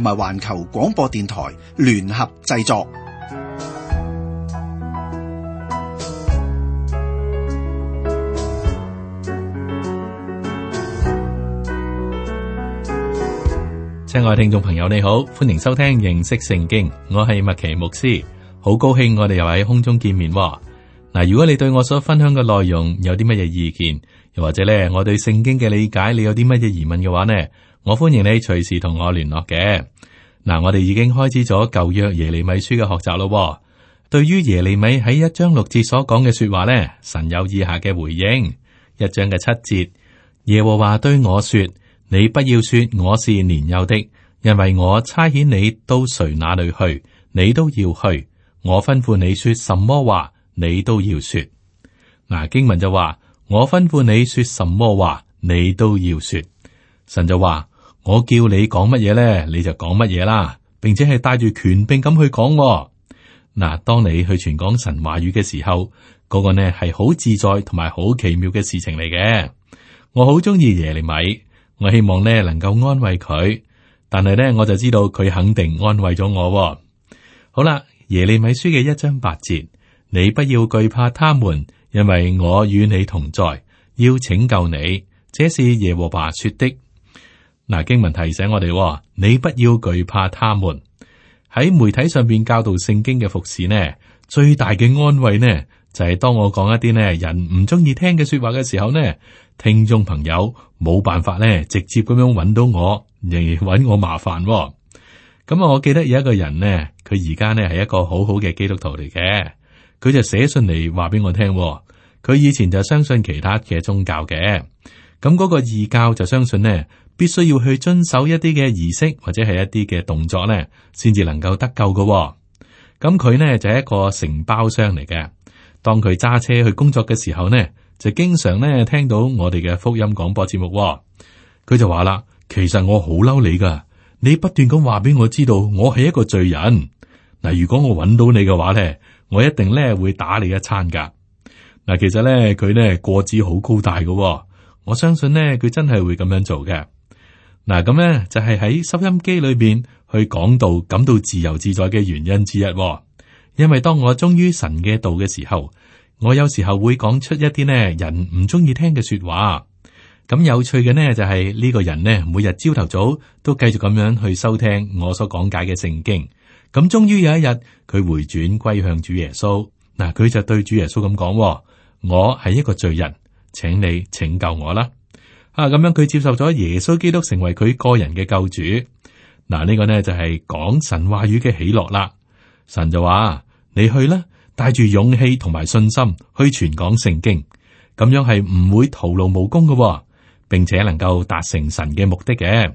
同埋環球廣播電台聯合製作。親愛的聽眾朋友，你好，歡迎收聽認識聖經。我係麥奇牧師，好高興我哋又喺空中見面。嗱，如果你對我所分享嘅內容有啲乜嘢意見，又或者咧我對聖經嘅理解，你有啲乜嘢疑問嘅話呢？我歡迎你隨時同我聯絡嘅。嗱，我哋已經開始咗舊約耶利米書嘅學習咯。對於耶利米喺一章六節所講嘅說話呢，神有以下嘅回應：一章嘅七節，耶和華對我說：你不要說我是年幼的，因為我差遣你到誰哪裏去，你都要去；我吩咐你說什麼話，你都要說。嗱，經文就話：我吩咐你說什麼話，你都要說。神就話。我叫你講乜嘢呢？你就講乜嘢啦，並且係帶住權柄咁去講。嗱，當你去傳講神話語嘅時候，嗰、那個呢係好自在同埋好奇妙嘅事情嚟嘅。我好中意耶利米，我希望呢能夠安慰佢，但係呢我就知道佢肯定安慰咗我。好啦，耶利米書嘅一章八節，你不要懼怕他們，因為我與你同在，要拯救你。這是耶和華說的。嗱，經文提醒我哋，你不要懼怕他們。喺媒體上邊教導聖經嘅服侍呢，最大嘅安慰呢，就係當我講一啲呢人唔中意聽嘅說話嘅時候呢，聽眾朋友冇辦法呢，直接咁樣揾到我，仍然揾我麻煩。咁啊，我記得有一個人呢，佢而家呢係一個好好嘅基督徒嚟嘅，佢就寫信嚟話俾我聽，佢以前就相信其他嘅宗教嘅。咁嗰個異教就相信呢，必須要去遵守一啲嘅儀式或者係一啲嘅動作呢，先至能夠得救噶喎。咁佢呢就係一個承包商嚟嘅。當佢揸車去工作嘅時候呢，就經常呢聽到我哋嘅福音廣播節目喎。佢就話啦，其實我好嬲你噶，你不斷咁話俾我知道，我係一個罪人嗱。如果我揾到你嘅話呢，我一定呢會打你一餐噶嗱。其實呢，佢呢個子好高大噶喎。我相信呢，佢真係會咁樣做嘅。嗱，咁呢就係喺收音機裏邊去講道感到自由自在嘅原因之一。因為當我忠於神嘅道嘅時候，我有時候會講出一啲呢人唔中意聽嘅說話。咁有趣嘅呢，就是，就係呢個人呢每日朝頭早都繼續咁樣去收聽我所講解嘅聖經。咁終於有一日，佢回轉歸向主耶穌。嗱，佢就對主耶穌咁講：我係一個罪人。請你拯救我啦！啊，咁樣佢接受咗耶穌基督成為佢個人嘅救主。嗱、啊、呢、這個呢就係、是、講神話語嘅喜樂啦。神就話：你去啦，帶住勇氣同埋信心去傳講聖經，咁樣係唔會徒勞無功嘅、哦，並且能夠達成神嘅目的嘅。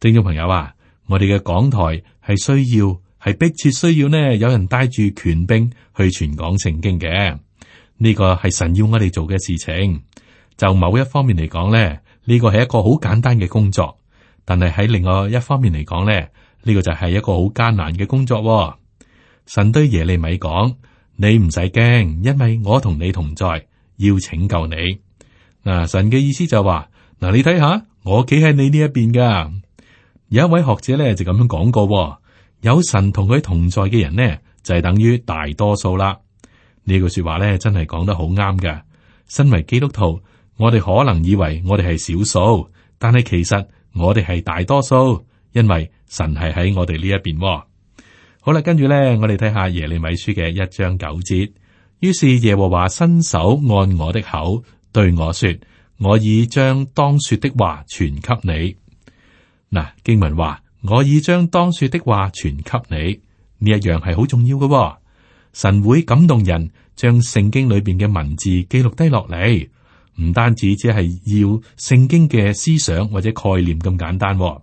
聽眾朋友啊，我哋嘅講台係需要，係迫切需要呢，有人帶住權柄去傳講聖經嘅。呢個係神要我哋做嘅事情。就某一方面嚟講咧，呢個係一個好簡單嘅工作。但係喺另外一方面嚟講咧，呢個就係一個好艱難嘅工作。神對耶利米講：你唔使驚，因為我同你同在，要拯救你。嗱、呃，神嘅意思就話：嗱、呃，你睇下，我企喺你呢一邊噶。有一位學者咧就咁樣講過：有神同佢同在嘅人呢，就係等於大多數啦。呢句說話咧，真係講得好啱嘅。身為基督徒，我哋可能以為我哋係少數，但係其實我哋係大多數，因為神係喺我哋呢一邊，哦。好啦，跟住咧，我哋睇下耶利米書嘅一章九節。於是耶和華伸手按我的口對我說，我已將當說的話傳給你。嗱，經文話我已將當說的話傳給你，呢一樣係好重要嘅，哦。神會感動人，將聖經裏邊嘅文字記錄低落嚟，唔單止只係要聖經嘅思想或者概念咁簡單。嗱，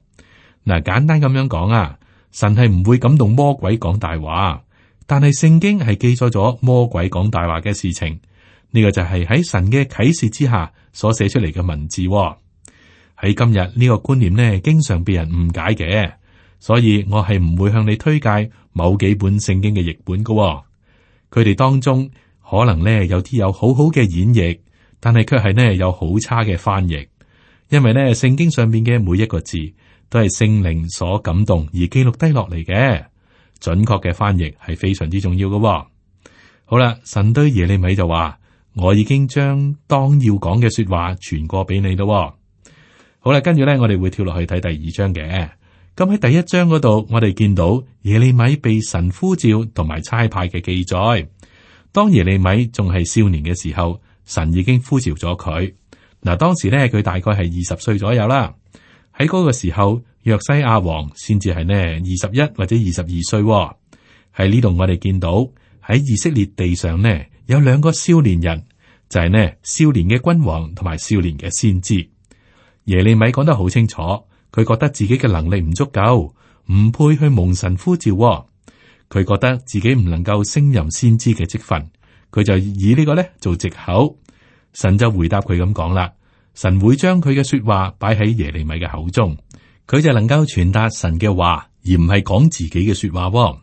簡單咁樣講啊，神係唔會感動魔鬼講大話，但係聖經係記載咗魔鬼講大話嘅事情。呢個就係喺神嘅啟示之下所寫出嚟嘅文字。喺今日呢個觀念呢，經常被人誤解嘅，所以我係唔會向你推介某幾本聖經嘅譯本噶。佢哋當中可能咧有啲有好好嘅演繹，但係卻係呢有好差嘅翻譯。因為咧聖經上面嘅每一個字都係聖靈所感動而記錄低落嚟嘅，準確嘅翻譯係非常之重要嘅。好啦，神對耶利米就話，我已經將當要講嘅說話傳過俾你啦。好啦，跟住咧我哋會跳落去睇第二章嘅。咁喺第一章嗰度，我哋見到耶利米被神呼召同埋差派嘅記載。當耶利米仲係少年嘅時候，神已經呼召咗佢。嗱，當時呢，佢大概係二十歲左右啦。喺嗰個時候，約西亞王先至係呢二十一或者二十二歲。喺呢度我哋見到喺以色列地上呢，有兩個少年人，就係呢少年嘅君王同埋少年嘅先知。耶利米講得好清楚。佢覺得自己嘅能力唔足夠，唔配去蒙神呼召、哦。佢覺得自己唔能夠勝任先知嘅職分，佢就以個呢個咧做藉口。神就回答佢咁講啦：神會將佢嘅說話擺喺耶利米嘅口中，佢就能夠傳達神嘅話，而唔係講自己嘅說話、哦。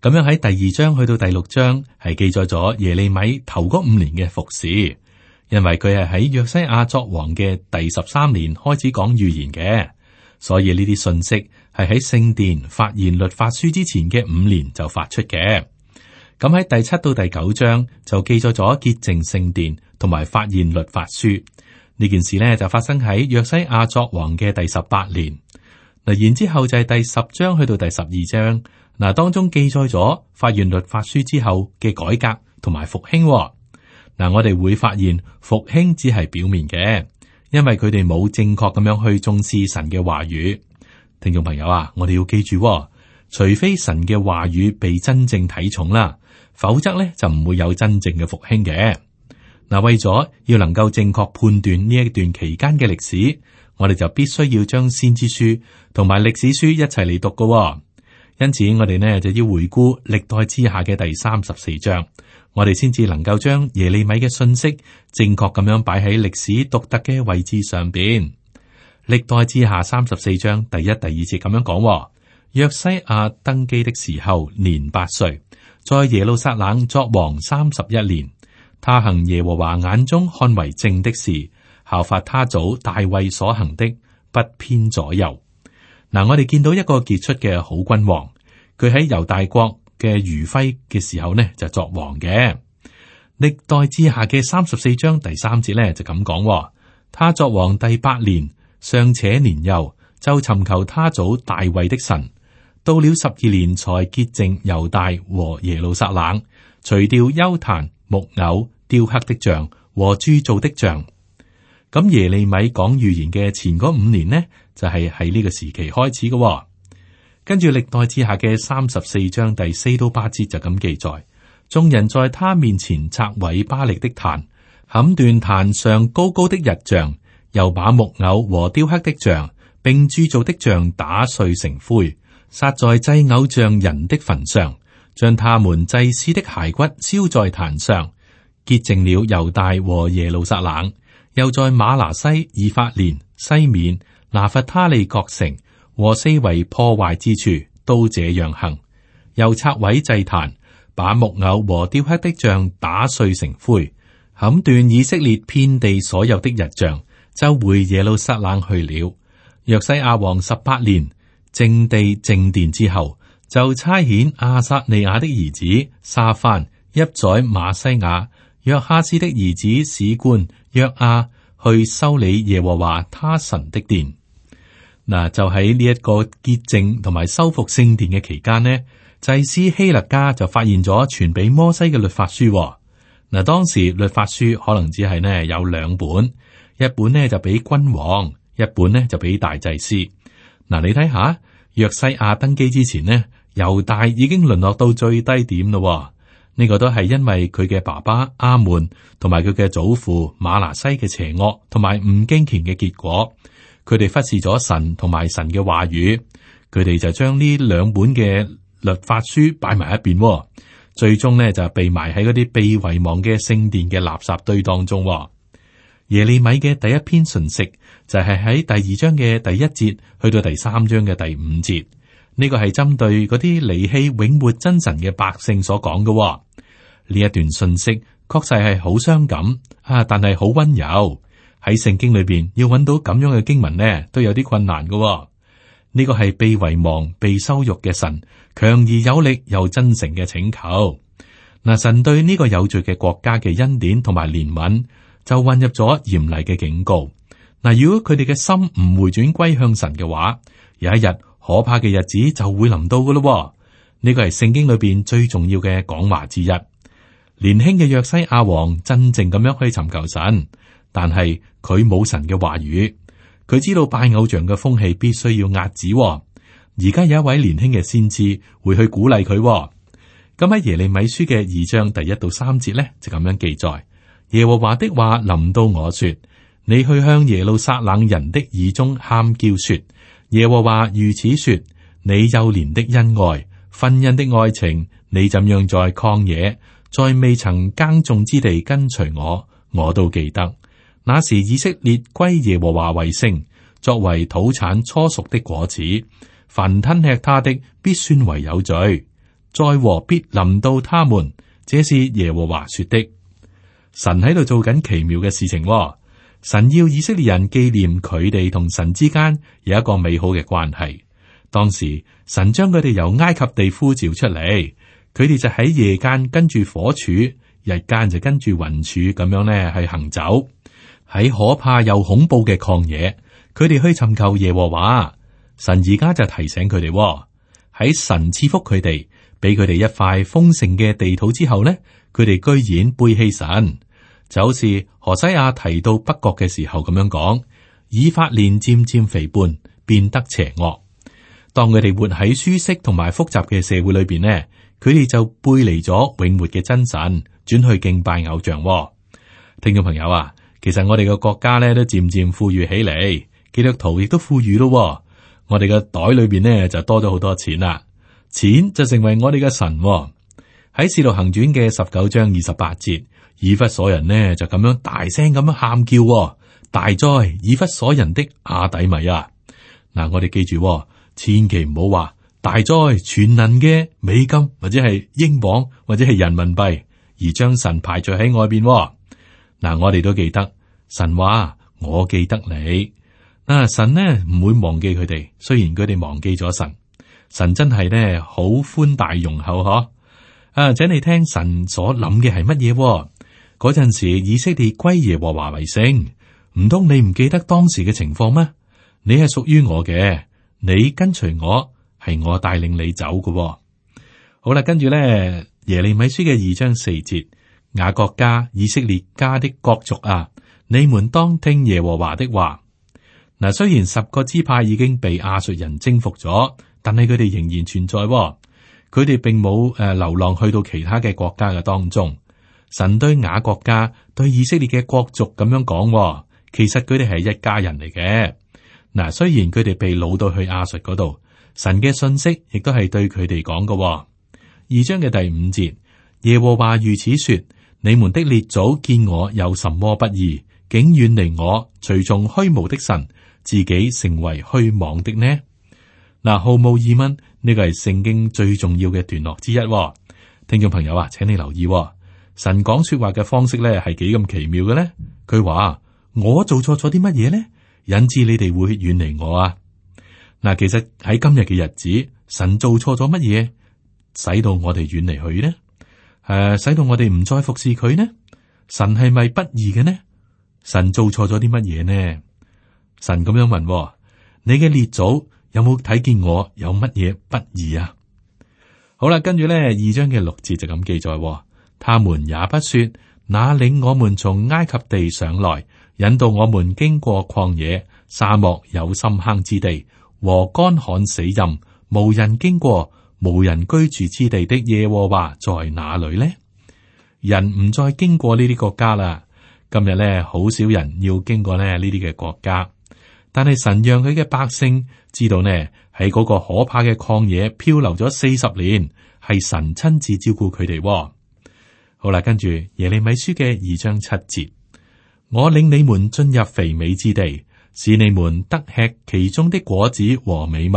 咁樣喺第二章去到第六章係記載咗耶利米頭嗰五年嘅服侍，因為佢係喺約西亞作王嘅第十三年開始講預言嘅。所以呢啲信息係喺聖殿發現律法書之前嘅五年就發出嘅。咁喺第七到第九章就記載咗潔淨聖殿同埋發現律法書呢件事呢，就發生喺約西亞作王嘅第十八年。嗱，然之後就係第十章去到第十二章，嗱，當中記載咗發現律法書之後嘅改革同埋復興。嗱，我哋會發現復興只係表面嘅。因為佢哋冇正確咁樣去重視神嘅話語，聽眾朋友啊，我哋要記住、哦，除非神嘅話語被真正睇重啦，否則咧就唔會有真正嘅復興嘅。嗱，為咗要能夠正確判斷呢一段期間嘅歷史，我哋就必須要將先知書同埋歷史書一齊嚟讀噶、哦。因此，我哋呢就要回顧歷代志下嘅第三十四章。我哋先至能夠將耶利米嘅信息正確咁樣擺喺歷史獨特嘅位置上邊。歷代志下三十四章第一、第二節咁樣講：約西亞登基的時候年八歲，在耶路撒冷作王三十一年。他行耶和華眼中看為正的事，效法他祖大衛所行的，不偏左右。嗱、嗯，我哋見到一個傑出嘅好君王，佢喺猶大國。嘅餘暉嘅時候呢，就是，作王嘅。歷代志下嘅三十四章第三節呢，就咁講，哦，他作王第八年，尚且年幼，就尋求他祖大衛的神。到了十二年，才潔淨猶大和耶路撒冷，除掉邱壇、木偶、雕刻的像和鑄造的像。咁耶利米講預言嘅前嗰五年呢，就係喺呢個時期開始嘅，哦。跟住歷代志下嘅三十四章第四到八節就咁記載：眾人在他面前拆毀巴力的壇，砍斷壇上高高的日像，又把木偶和雕刻的像，並鑄造的像打碎成灰，撒在祭偶像人的墳上，將他們祭司的骸骨燒在壇上，潔淨了猶大和耶路撒冷，又在馬拿西以法蓮西面拿弗他利各城。和四圍破壞之處都這樣行，又拆毀祭壇，把木偶和雕刻的像打碎成灰，砍斷以色列遍地所有的日像，就回耶路撒冷去了。約西亞王十八年，淨地淨殿之後，就差遣亞薩利雅的兒子沙番、邑宰瑪西雅、約哈斯的兒子史官約亞去修理耶和華他神的殿。嗱，就喺呢一個潔淨同埋修復聖殿嘅期間呢，祭司希勒家就發現咗傳俾摩西嘅律法書。嗱，當時律法書可能只係呢有兩本，一本呢就俾君王，一本呢就俾大祭司。嗱，你睇下，約西亞登基之前呢，猶大已經淪落到最低點咯。呢、呢個都係因為佢嘅爸爸阿門同埋佢嘅祖父馬拿西嘅邪惡同埋唔敬虔嘅結果。佢哋忽視咗神同埋神嘅話語，佢哋就將呢兩本嘅律法書擺埋一邊，最終呢就被埋喺嗰啲被遺忘嘅聖殿嘅垃圾堆當中。耶利米嘅第一篇訊息就係、是、喺第二章嘅第一節去到第三章嘅第五節，呢個係針對嗰啲離棄永活真神嘅百姓所講嘅。呢一段訊息確實係好傷感啊，但係好溫柔。喺聖經裏邊要揾到咁樣嘅經文呢，都有啲困難嘅、哦。呢、這個係被遺忘、被羞辱嘅神，強而有力又真誠嘅請求。嗱、呃，神對呢個有罪嘅國家嘅恩典同埋憐憫，就混入咗嚴厲嘅警告。嗱、呃，如果佢哋嘅心唔回轉歸向神嘅話，有一日可怕嘅日子就會臨到噶啦、哦。呢、這個係聖經裏邊最重要嘅講話之一。年輕嘅約西亞王真正咁樣去尋求神。但係佢冇神嘅話語，佢知道拜偶像嘅風氣必須要遏止、哦。而家有一位年輕嘅先知會去鼓勵佢、哦。咁、嗯、喺耶利米書嘅二章第一到三節呢，就咁樣記載：耶和華的話臨到我說，你去向耶路撒冷人的耳中喊叫說，耶和華如此說：你幼年的恩愛、婚姻的愛情，你怎樣在曠野、在未曾耕種之地跟隨我，我都記得。那時以色列歸耶和華為聖，作為土產初熟的果子。凡吞吃他的，必算為有罪；災禍必臨到他們。這是耶和華說的。神喺度做緊奇妙嘅事情、哦。神要以色列人紀念佢哋同神之間有一個美好嘅關係。當時神將佢哋由埃及地呼召出嚟，佢哋就喺夜間跟住火柱，日間就跟住雲柱，咁樣咧去行走。喺可怕又恐怖嘅曠野，佢哋去尋求耶和華神。而家就提醒佢哋喺神賜福佢哋，俾佢哋一塊豐盛嘅地土之後呢，佢哋居然背棄神，就好似何西阿提到北國嘅時候咁樣講，以法蓮漸漸肥胖，變得邪惡。當佢哋活喺舒適同埋複雜嘅社會裏邊呢，佢哋就背離咗永活嘅真神，轉去敬拜偶像。聽眾朋友啊！其實我哋個國家咧都漸漸富裕起嚟，基督徒亦都富裕咯。我哋個袋裏邊呢就多咗好多錢啦，錢就成為我哋嘅神。喺使徒行傳嘅十九章二十八節，以弗所人呢就咁樣大聲咁樣喊叫，大哉以弗所人的亞底米啊！嗱，我哋記住，千祈唔好話大哉全能嘅美金或者係英鎊或者係人民幣，而將神排除喺外邊。嗱，我哋都記得神話，我記得你。啊，神呢唔會忘記佢哋，雖然佢哋忘記咗神，神真係呢好寬大容厚嗬。啊，請你聽神所諗嘅係乜嘢？嗰、啊、陣時以色列歸耶和華為聖，唔通你唔記得當時嘅情況咩？你係屬於我嘅，你跟隨我，係我帶領你走嘅，啊。好啦，跟住呢耶利米書嘅二章四節。雅各家、以色列家的各族啊，你們當聽耶和華的話。嗱，雖然十個支派已經被亞述人征服咗，但係佢哋仍然存在喎。佢哋並冇誒流浪去到其他嘅國家嘅當中。神對雅各家、對以色列嘅各族咁樣講，其實佢哋係一家人嚟嘅。嗱，雖然佢哋被擄到去亞述嗰度，神嘅信息亦都係對佢哋講嘅。二章嘅第五節，耶和華如此說。你們的列祖見我有什麼不義，竟遠離我，隨從虛無的神，自己成為虛妄的呢？嗱，毫無疑問，呢個係聖經最重要嘅段落之一。聽眾朋友啊，請你留意，神講說話嘅方式咧係幾咁奇妙嘅呢？佢話我做錯咗啲乜嘢呢？引致你哋會遠離我啊？嗱，其實喺今日嘅日子，神做錯咗乜嘢，使到我哋遠離佢呢？誒、啊，使到我哋唔再服侍佢呢？神係咪不義嘅呢？神做錯咗啲乜嘢呢？神咁樣問：哦、你嘅列祖有冇睇見我有乜嘢不義啊？好啦，跟住咧，二章嘅六字就咁記載、哦：他們也不說，那領我們從埃及地上來，引導我們經過曠野、沙漠、有深坑之地和乾旱死蔭，無人經過。無人居住之地的耶和華在哪裏呢？人唔再經過呢啲國家啦。今日咧，好少人要經過咧呢啲嘅國家。但係神讓佢嘅百姓知道呢，喺嗰個可怕嘅曠野漂流咗四十年，係神親自照顧佢哋喎。好啦，跟住耶利米書嘅二章七節，我領你們進入肥美之地，使你們得吃其中的果子和美物。.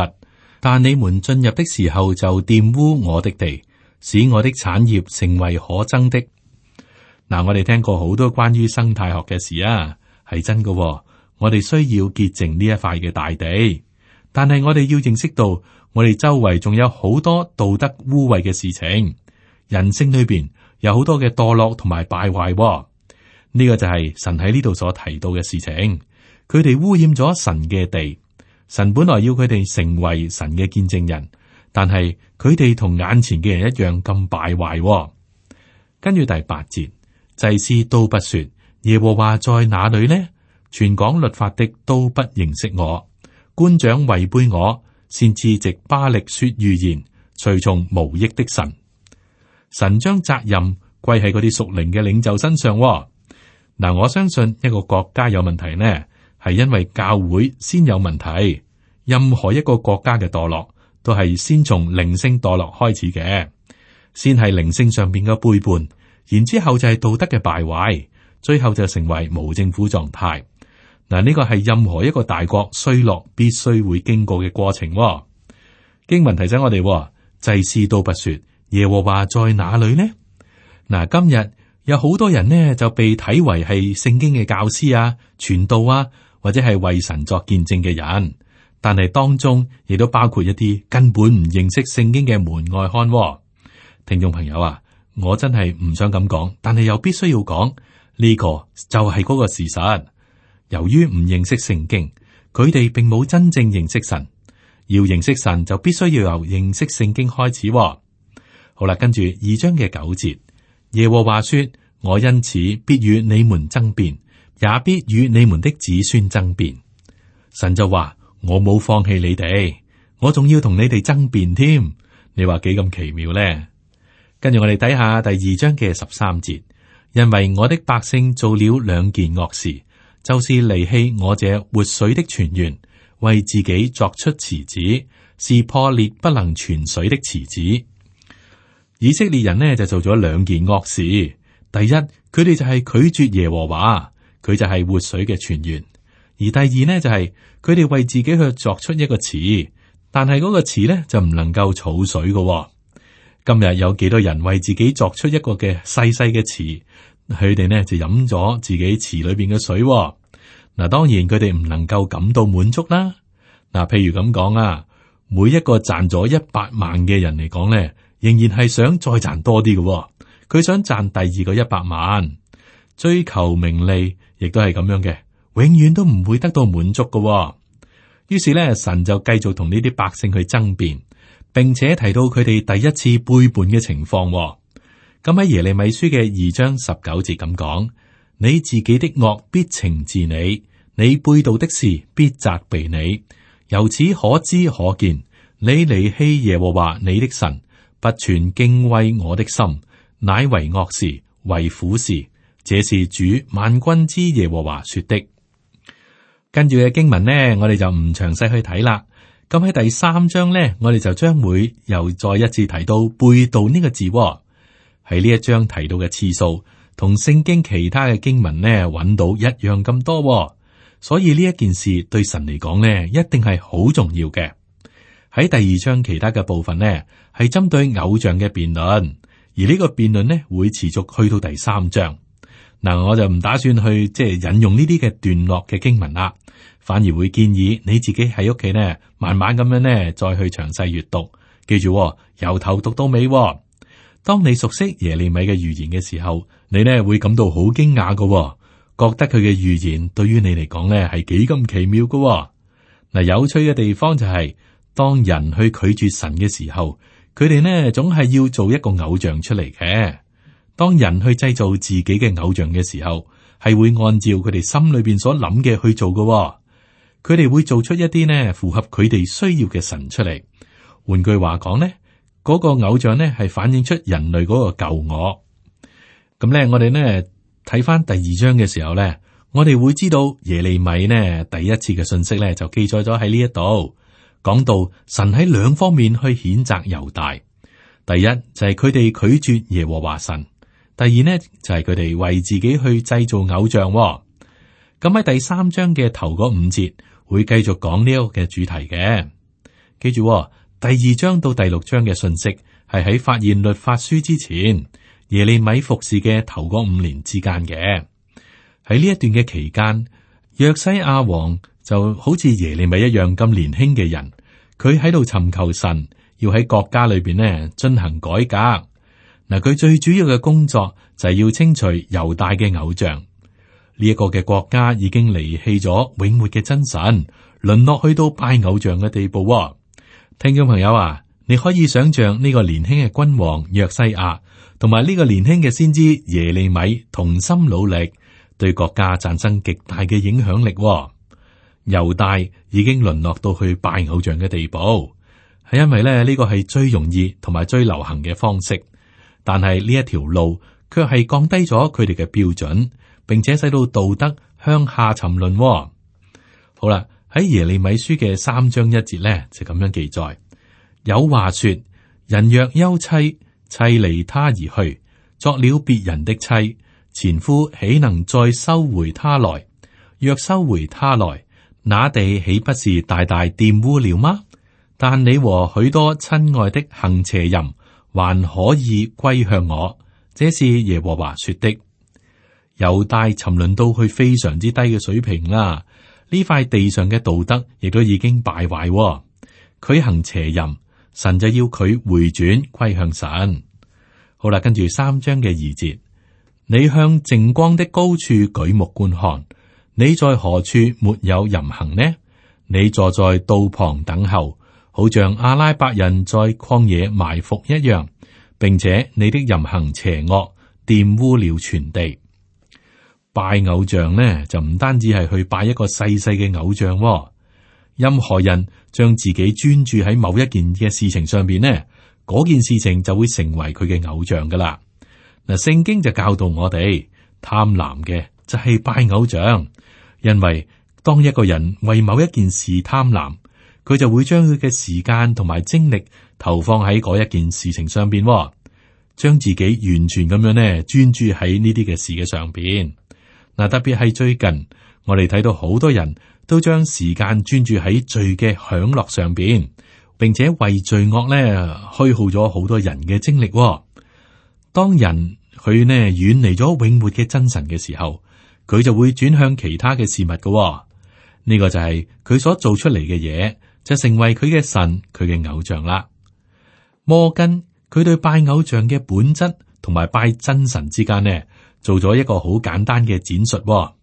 但你們進入的時候就玷污我的地，使我的產業成為可憎的。嗱、嗯，我哋聽過好多關於生態學嘅事啊，係真嘅、哦。我哋需要潔淨呢一塊嘅大地，但係我哋要認識到，我哋周圍仲有好多道德污穢嘅事情，人性裏邊有好多嘅墮落同埋敗壞、哦。呢、呢個就係神喺呢度所提到嘅事情，佢哋污染咗神嘅地。神本來要佢哋成為神嘅見證人，但係佢哋同眼前嘅人一樣咁敗壞、哦。跟住第八節，祭司都不說，耶和華在哪裡呢？傳講律法的都不認識我，官長違背我，先知藉巴力說預言，隨從無益的神。神將責任歸喺嗰啲屬靈嘅領袖身上、哦。嗱、呃，我相信一個國家有問題呢？係因為教會先有問題，任何一個國家嘅墮落都係先從靈性墮落開始嘅，先係靈性上邊嘅背叛，然之後就係道德嘅敗壞，最後就成為無政府狀態。嗱，呢個係任何一個大國衰落必須會經過嘅過程。經文提醒我哋，祭司都不說耶和華在哪裡呢？嗱，今日有好多人呢就被睇為係聖經嘅教師啊、傳道啊。或者係為神作見證嘅人，但係當中亦都包括一啲根本唔認識聖經嘅門外漢、哦。聽眾朋友啊，我真係唔想咁講，但係又必須要講呢、這個就係嗰個事實。由於唔認識聖經，佢哋並冇真正認識神。要認識神，就必須要由認識聖經開始、哦。好啦，跟住二章嘅九節，耶和華說：我因此必與你們爭辯。也必與你們的子孫爭辯。神就話：我冇放棄你哋，我仲要同你哋爭辯添。你話幾咁奇妙呢？跟住我哋睇下第二章嘅十三節，因為我的百姓做了兩件惡事，就是離棄我這活水的泉源，為自己作出池子，是破裂不能存水的池子。以色列人呢就做咗兩件惡事，第一佢哋就係拒絕耶和華。佢就係活水嘅泉源，而第二呢、就是，就係佢哋為自己去作出一個池，但係嗰個池呢，就唔能夠儲水噶、哦。今日有幾多人為自己作出一個嘅細細嘅池，佢哋呢，就飲咗自己池裏邊嘅水嗱、哦。當然佢哋唔能夠感到滿足啦嗱。譬如咁講啊，每一個賺咗一百萬嘅人嚟講呢，仍然係想再賺多啲噶、哦。佢想賺第二個一百萬，追求名利。亦都係咁樣嘅，永遠都唔會得到滿足嘅、哦。於是咧，神就繼續同呢啲百姓去爭辯，並且提到佢哋第一次背叛嘅情況、哦。咁、嗯、喺耶利米書嘅二章十九節咁講：，你自己的惡必懲治你，你背道的事必責備你。由此可知可見，你離棄耶和華你的神，不存敬畏我的心，乃為惡事，為苦事。這是主萬軍之耶和華說的。跟住嘅經文呢，我哋就唔詳細去睇啦。咁喺第三章呢，我哋就將會又再一次提到背道呢個字、哦。喺呢一章提到嘅次數，同聖經其他嘅經文呢揾到一樣咁多、哦，所以呢一件事對神嚟講呢，一定係好重要嘅。喺第二章其他嘅部分呢，係針對偶像嘅辯論，而呢個辯論呢，會持續去到第三章。嗱，我就唔打算去即係引用呢啲嘅段落嘅經文啦，反而會建議你自己喺屋企咧，慢慢咁樣咧再去詳細閱讀。記住喎，由頭讀到尾喎。當你熟悉耶利米嘅預言嘅時候，你咧會感到好驚訝噶喎，覺得佢嘅預言對於你嚟講咧係幾咁奇妙噶喎。嗱，有趣嘅地方就係、是，當人去拒絕神嘅時候，佢哋咧總係要做一個偶像出嚟嘅。當人去製造自己嘅偶像嘅時候，係會按照佢哋心裏邊所諗嘅去做嘅、哦。佢哋會做出一啲呢符合佢哋需要嘅神出嚟。換句話講呢，嗰個偶像呢係反映出人類嗰個舊我。咁呢，我哋呢睇翻第二章嘅時候呢，我哋會知道耶利米呢第一次嘅信息呢就記載咗喺呢一度，講到神喺兩方面去譴責猶大。第一就係佢哋拒絕耶和華神。第二呢，就係佢哋為自己去製造偶像、哦。咁喺第三章嘅頭嗰五節會繼續講呢一個嘅主題嘅。記住、哦，第二章到第六章嘅信息係喺發現律法書之前，耶利米服侍嘅頭嗰五年之間嘅。喺呢一段嘅期間，若西亞王就好似耶利米一樣咁年輕嘅人，佢喺度尋求神，要喺國家裏邊呢進行改革。嗱，佢最主要嘅工作就係要清除猶大嘅偶像。呢、這、一個嘅國家已經離棄咗永活嘅真神，淪落去到拜偶像嘅地步、哦。聽眾朋友啊，你可以想象呢個年輕嘅君王約西亞同埋呢個年輕嘅先知耶利米同心努力，對國家產生極大嘅影響力、哦。猶大已經淪落到去拜偶像嘅地步，係因為咧呢、這個係最容易同埋最流行嘅方式。但係呢一條路，卻係降低咗佢哋嘅標準，並且使到道德向下沉淪，哦。好啦，喺耶利米書嘅三章一節咧，就咁樣記載：有話說，人若休妻，妻離他而去，作了別人的妻，前夫豈能再收回他來？若收回他來，那地豈不是大大玷污了嗎？但你和許多親愛的行邪淫。還可以歸向我，這是耶和華說的。猶大沉淪到去非常之低嘅水平啦，啊，呢塊地上嘅道德亦都已經敗壞，哦，佢行邪淫，神就要佢回轉歸向神。好啦，跟住三章嘅二節，你向淨光的高處舉目觀看，你在何處沒有淫行呢？你坐在道旁等候。好像阿拉伯人在曠野埋伏一樣，並且你的淫行邪惡玷污了全地。拜偶像呢就唔單止係去拜一個細細嘅偶像，哦，任何人將自己專注喺某一件嘅事情上邊呢，嗰件事情就會成為佢嘅偶像噶啦。嗱，聖經就教導我哋，貪婪嘅就係拜偶像，因為當一個人為某一件事貪婪。佢就會將佢嘅時間同埋精力投放喺嗰一件事情上邊，哦，將自己完全咁樣咧專注喺呢啲嘅事嘅上邊。嗱，特別係最近，我哋睇到好多人都將時間專注喺罪嘅享樂上邊，並且為罪惡咧虛耗咗好多人嘅精力，哦。當人佢呢遠離咗永活嘅真神嘅時候，佢就會轉向其他嘅事物嘅，哦。呢、這個就係佢所做出嚟嘅嘢。就成為佢嘅神，佢嘅偶像啦。摩根佢對拜偶像嘅本質同埋拜真神之間呢，做咗一個好簡單嘅展述，哦。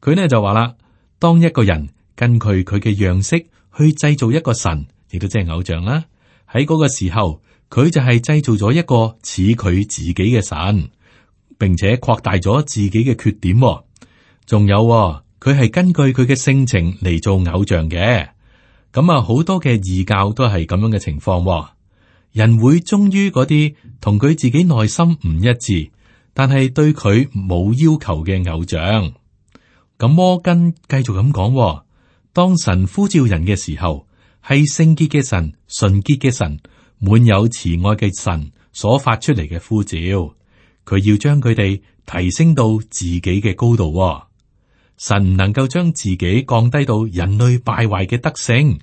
佢呢就話啦：當一個人根據佢嘅樣式去製造一個神，亦都即係偶像啦。喺嗰個時候，佢就係製造咗一個似佢自己嘅神，並且擴大咗自己嘅缺點，哦。仲有佢、哦、係根據佢嘅性情嚟做偶像嘅。咁啊，好多嘅異教都係咁樣嘅情況、哦，人會忠於嗰啲同佢自己內心唔一致，但係對佢冇要求嘅偶像。咁摩根繼續咁講、哦，當神呼召人嘅時候，係聖潔嘅神、純潔嘅神、滿有慈愛嘅神所發出嚟嘅，呼召佢要將佢哋提升到自己嘅高度、哦。神唔能夠將自己降低到人類敗壞嘅德性。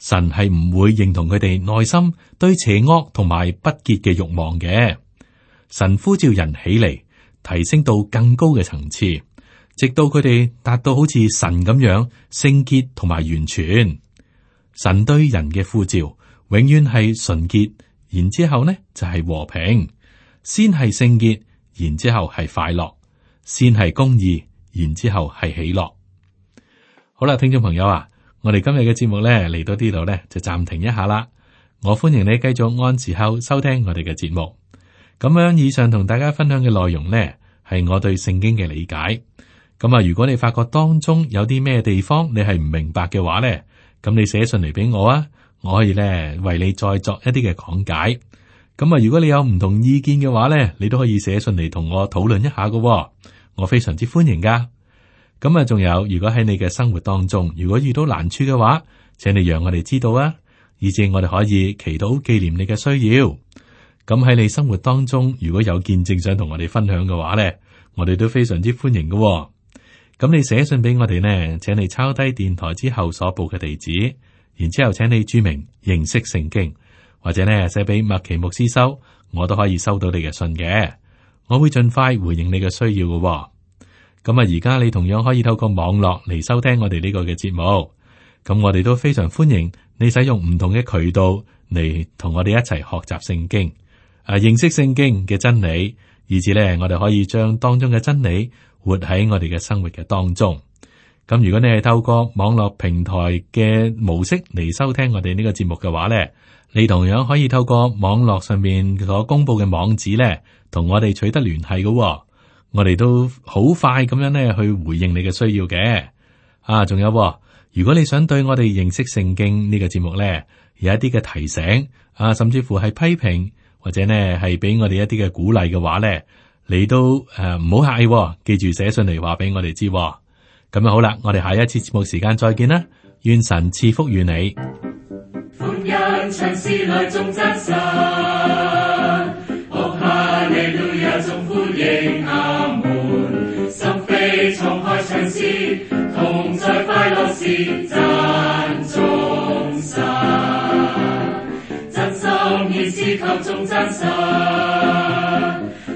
神係唔會認同佢哋內心對邪惡同埋不潔嘅欲望嘅。神呼召人起嚟，提升到更高嘅層次，直到佢哋達到好似神咁樣聖潔同埋完全。神對人嘅呼召永遠係純潔，然之後呢就係和平，先係聖潔，然之後係快樂，先係公義，然之後係喜樂。好啦，聽眾朋友啊！我哋今日嘅節目呢，嚟到呢度呢就暫停一下啦。我歡迎你繼續按時候收聽我哋嘅節目。咁樣以上同大家分享嘅內容呢，係我對聖經嘅理解。咁啊，如果你發覺當中有啲咩地方你係唔明白嘅話呢，咁你寫信嚟俾我啊，我可以呢為你再作一啲嘅講解。咁啊，如果你有唔同意見嘅話呢，你都可以寫信嚟同我討論一下噶，我非常之歡迎噶。咁啊，仲有，如果喺你嘅生活當中，如果遇到難處嘅話，請你讓我哋知道啊，以至我哋可以祈禱紀念你嘅需要。咁喺你生活當中，如果有見證想同我哋分享嘅話咧，我哋都非常之歡迎嘅、哦。咁你寫信俾我哋呢，請你抄低電台之後所報嘅地址，然之後請你注明認識聖經，或者呢，寫俾麥奇牧師收，我都可以收到你嘅信嘅，我會盡快回應你嘅需要嘅、哦。咁啊，而家你同樣可以透過網絡嚟收聽我哋呢個嘅節目。咁我哋都非常歡迎你使用唔同嘅渠道嚟同我哋一齊學習聖經，啊，認識聖經嘅真理，而且呢，我哋可以將當中嘅真理活喺我哋嘅生活嘅當中。咁如果你係透過網絡平台嘅模式嚟收聽我哋呢個節目嘅話呢，你同樣可以透過網絡上面所公佈嘅網址呢，同我哋取得聯繫㗎喎。我哋都好快咁樣咧去回應你嘅需要嘅，啊，仲有，如果你想對我哋認識聖經呢個節目咧有一啲嘅提醒，啊，甚至乎係批評或者呢係俾我哋一啲嘅鼓勵嘅話咧，你都誒唔好客氣、啊，記住寫信嚟話俾我哋知，咁、啊、樣、嗯、好啦，我哋下一次節目時間再見啦，願神賜福與你。同在快樂時讚頌神，真心意思，靠眾真心。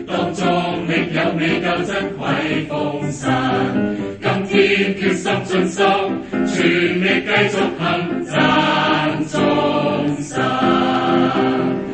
當中力有未夠真愧奉神，今天決心盡心，全力繼續行讚頌神。